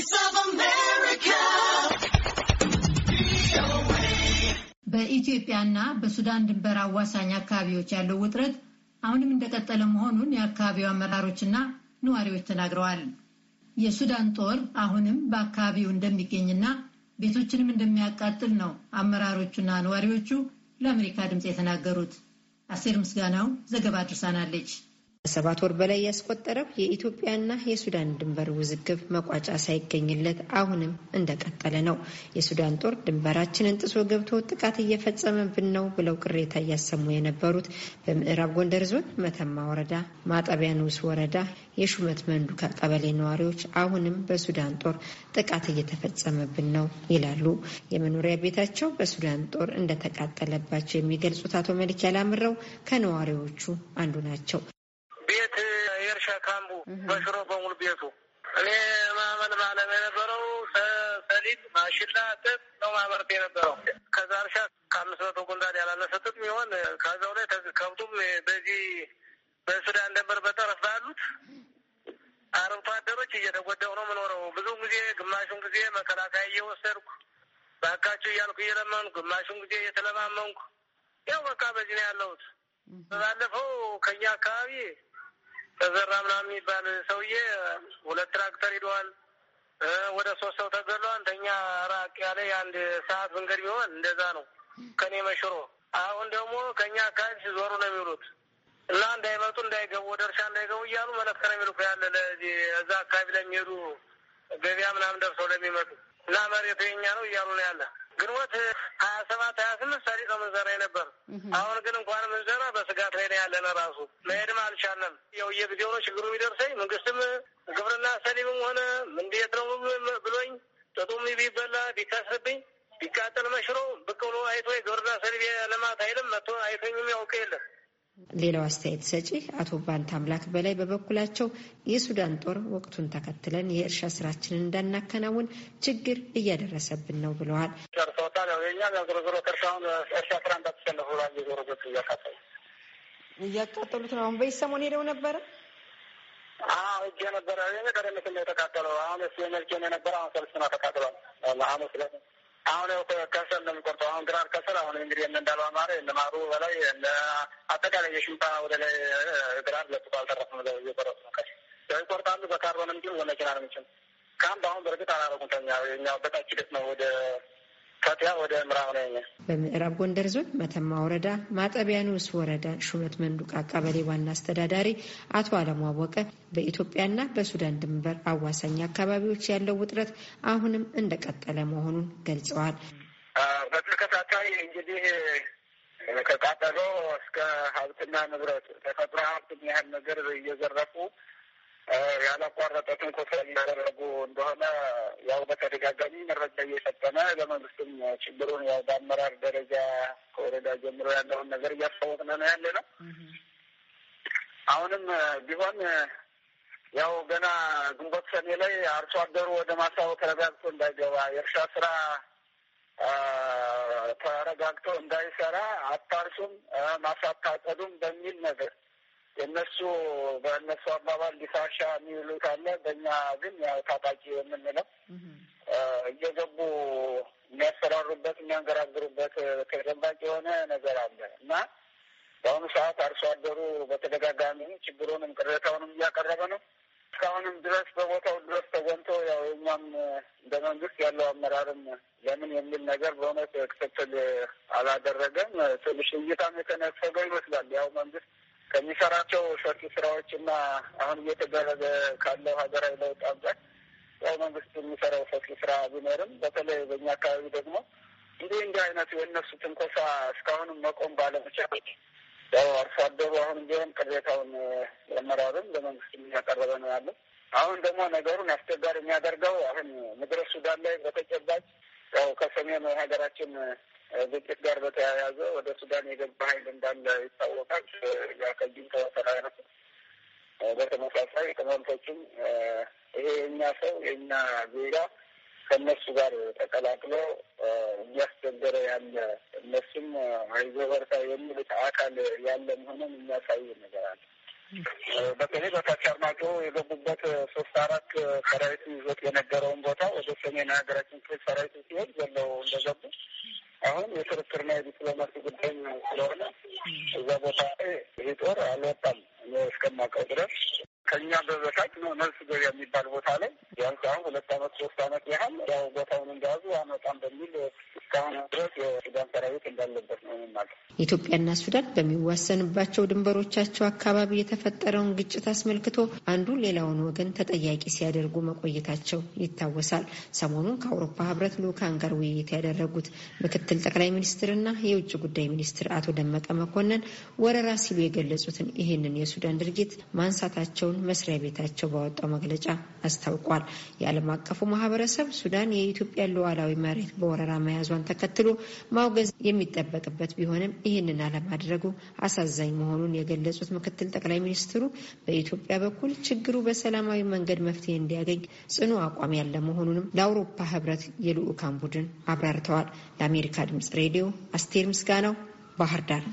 Voice of America. በኢትዮጵያና በሱዳን ድንበር አዋሳኝ አካባቢዎች ያለው ውጥረት አሁንም እንደቀጠለ መሆኑን የአካባቢው አመራሮችና ነዋሪዎች ተናግረዋል። የሱዳን ጦር አሁንም በአካባቢው እንደሚገኝና ቤቶችንም እንደሚያቃጥል ነው አመራሮቹና ነዋሪዎቹ ለአሜሪካ ድምፅ የተናገሩት። አሴር ምስጋናው ዘገባ አድርሳናለች። ከሰባት ወር በላይ ያስቆጠረው የኢትዮጵያና የሱዳን ድንበር ውዝግብ መቋጫ ሳይገኝለት አሁንም እንደቀጠለ ነው። የሱዳን ጦር ድንበራችንን ጥሶ ገብቶ ጥቃት እየፈጸመብን ነው ብለው ቅሬታ እያሰሙ የነበሩት በምዕራብ ጎንደር ዞን መተማ ወረዳ ማጠቢያ ንዑስ ወረዳ የሹመት መንዱካ ቀበሌ ነዋሪዎች አሁንም በሱዳን ጦር ጥቃት እየተፈጸመብን ነው ይላሉ። የመኖሪያ ቤታቸው በሱዳን ጦር እንደተቃጠለባቸው የሚገልጹት አቶ መልክ ያላምረው ከነዋሪዎቹ አንዱ ናቸው። ቤት የእርሻ ካምቡ በሽሮ በሙሉ ቤቱ እኔ ማመን ማለም የነበረው ሰሊጥ፣ ማሽላ፣ ጥጥ ነው ማመርት የነበረው። ከዛ እርሻ ከአምስት መቶ ኩንታል ያላነሰ ይሆን ከዛው ላይ ከብቱም በዚህ በሱዳን ድንበር በጠረፍ ባሉት አርብቶ አደሮች እየተጎዳው ነው የምኖረው። ብዙ ጊዜ ግማሹን ጊዜ መከላከያ እየወሰድኩ ባካችሁ እያልኩ እየለመንኩ፣ ግማሹን ጊዜ እየተለማመንኩ ያው በቃ በዚህ ነው ያለሁት። ባለፈው ከኛ አካባቢ ተዘራ ምናምን የሚባል ሰውዬ ሁለት ትራክተር ሂደዋል። ወደ ሶስት ሰው ተገሏል አንተኛ ራቅ ያለ የአንድ ሰዓት መንገድ ቢሆን እንደዛ ነው። ከኔ መሽሮ አሁን ደግሞ ከእኛ አካባቢ ሲዞሩ ነው የሚውሉት እና እንዳይመጡ እንዳይገቡ፣ ወደ እርሻ እንዳይገቡ እያሉ መለከት ነው የሚሉ ያለ ለዚህ እዛ አካባቢ ለሚሄዱ ገበያ ምናምን ደርሰው ለሚመጡ እና መሬቱ የኛ ነው እያሉ ነው ያለ ግንቦት ሀያ ሰባት ሀያ ስምንት ሰሪ ነው ምንዘራ ነበር። አሁን ግን እንኳን ምንዘራ በስጋት ላይ ነው ያለን። ራሱ መሄድም አልቻለም። ያው የጊዜው ነው ችግሩ የሚደርሰኝ። መንግስትም ግብርና ሰሊምም ሆነ እንዴት ነው ብሎኝ ጥጡም ቢበላ ቢከስብኝ ቢቃጠል መሽሮ ብቅ ብሎ አይቶ የግብርና ሰሊም የልማት አይልም መቶ አይቶኝም ያውቅ የለም ሌላው አስተያየት ሰጪ አቶ ባንት አምላክ በላይ በበኩላቸው የሱዳን ጦር ወቅቱን ተከትለን የእርሻ ስራችንን እንዳናከናውን ችግር እያደረሰብን ነው ብለዋል። እያቃጠሉት ነው። አሁን በይ ሰሞን ሄደው ነበረ እጅ ነበረ ቀደም ስል የተቃጠለው አሁን መልኬ የነበረ አሁን ሰልስና ተቃጥሏል። አሁን ከሰል ነው የሚቆርጠው። አሁን ግራር ከሰል አሁን እንግዲህ እነ እንዳሉ አማረ እነ ማሩ በላይ እነ አጠቃላይ የሽምጣ ወደ ላይ ግራር ለጥቶ አልተረፍም። ነው እየቆረጡ ነው ከሰል ይቆርጣሉ። በካርቦን እንዲሁ በመኪና ነው የሚችል ከአንድ አሁን በእርግጥ አላረጉም። ከኛ የኛው በታች ሂደት ነው ወደ ከዚያ ወደ ምዕራብ ነኝ። በምዕራብ ጎንደር ዞን መተማ ወረዳ ማጠቢያ ንዑስ ወረዳ ሹመት መንዱቃ ቀበሌ ዋና አስተዳዳሪ አቶ አለሙ አወቀ በኢትዮጵያና በሱዳን ድንበር አዋሳኝ አካባቢዎች ያለው ውጥረት አሁንም እንደቀጠለ መሆኑን ገልጸዋል። በተከታታይ እንግዲህ ከቃጠሎ እስከ ሀብትና ንብረት ተፈጥሮ ሀብት ያህል ነገር እየዘረፉ ያላቋረጠ ትንኮሳ እያደረጉ እንደሆነ ያው በተደጋጋሚ መረጃ እየሰጠነ በመንግስትም ችግሩን ያው በአመራር ደረጃ ከወረዳ ጀምሮ ያለውን ነገር እያስታወቅነ ነው ያለ ነው። አሁንም ቢሆን ያው ገና ግንቦት ሰኔ ላይ አርሶ አደሩ ወደ ማሳው ተረጋግቶ እንዳይገባ የእርሻ ስራ ተረጋግቶ እንዳይሰራ አታርሱም ማሳ አታጨዱም በሚል ነገር የእነሱ በእነሱ አባባል ሊሳሻ የሚውሉ ካለ በእኛ ግን ያው ታጣቂ የምንለው እየገቡ የሚያሰራሩበት የሚያንገራግሩበት ተደንባጭ የሆነ ነገር አለ እና በአሁኑ ሰዓት አርሶ አደሩ በተደጋጋሚ ችግሩንም ቅሬታውንም እያቀረበ ነው። እስካሁንም ድረስ በቦታው ድረስ ተገንቶ ያው የኛም እንደ መንግስት ያለው አመራርም ለምን የሚል ነገር በእውነት ክትትል አላደረገም። ትንሽ እይታም የተነፈገው ይመስላል። ያው መንግስት ከሚሰራቸው ሰፊ ስራዎች እና አሁን እየተደረገ ካለው ሀገራዊ ለውጥ አንጻር ያው መንግስት የሚሰራው ሰፊ ስራ ቢኖርም በተለይ በእኛ አካባቢ ደግሞ እንዲህ እንዲህ አይነቱ የእነሱ ትንኮሳ እስካሁንም መቆም ባለመቻል ያው አርሶ አደሩ አሁን ቢሆን ቅሬታውን ለመራሩም ለመንግስት እያቀረበ ነው ያለው። አሁን ደግሞ ነገሩን አስቸጋሪ የሚያደርገው አሁን ምድረ ሱዳን ላይ በተጨባጭ ያው ከሰሜኑ የሀገራችን ግጭት ጋር በተያያዘ ወደ ሱዳን የገባ ኃይል እንዳለ ይታወቃል። ያ ከዚህም ተወሰራ በተመሳሳይ ቅመምቶችም ይሄ የእኛ ሰው የእኛ ዜጋ ከእነሱ ጋር ተቀላቅሎ እያስቸገረ ያለ እነሱም አይዞህ በርታ የሚሉት አካል ያለ መሆኑን የሚያሳይ ነገር አለ። በተለይ በታች አርማጭሆ የገቡበት ሶስት አራት ሰራዊቱ ይዞት የነበረውን ቦታ ወደ ሰሜን ሀገራችን ክፍል ሰራዊቱ ሲሄድ ዘለው እንደገቡ አሁን የክርክርና የዲፕሎማሲ ጉዳይ ስለሆነ እዛ ቦታ ላይ ይህ ጦር አልወጣም እስከማውቀው ድረስ ከኛ በበታች ነው መልስ ገበያ የሚባል ቦታ ላይ ቢያንስ አሁን ሁለት አመት ሶስት አመት ያህል ያው ቦታውን እንደያዙ አመጣም በሚል እስካሁን ድረስ ኢትዮጵያና ሱዳን በሚዋሰንባቸው ድንበሮቻቸው አካባቢ የተፈጠረውን ግጭት አስመልክቶ አንዱ ሌላውን ወገን ተጠያቂ ሲያደርጉ መቆየታቸው ይታወሳል። ሰሞኑን ከአውሮፓ ህብረት ልኡካን ጋር ውይይት ያደረጉት ምክትል ጠቅላይ ሚኒስትርና የውጭ ጉዳይ ሚኒስትር አቶ ደመቀ መኮንን ወረራ ሲሉ የገለጹትን ይህንን የሱዳን ድርጊት ማንሳታቸውን መስሪያ ቤታቸው ባወጣው መግለጫ አስታውቋል። የዓለም አቀፉ ማህበረሰብ ሱዳን የኢትዮጵያ ሉዓላዊ መሬት በወረራ መያዟን ተከትሎ ማውገዝ የሚጠበቅበት ቢሆንም ይህንን አለማድረጉ አሳዛኝ መሆኑን የገለጹት ምክትል ጠቅላይ ሚኒስትሩ በኢትዮጵያ በኩል ችግሩ በሰላማዊ መንገድ መፍትሄ እንዲያገኝ ጽኑ አቋም ያለ መሆኑንም ለአውሮፓ ህብረት የልዑካን ቡድን አብራርተዋል። ለአሜሪካ ድምጽ ሬዲዮ አስቴር ምስጋናው ባህር ዳር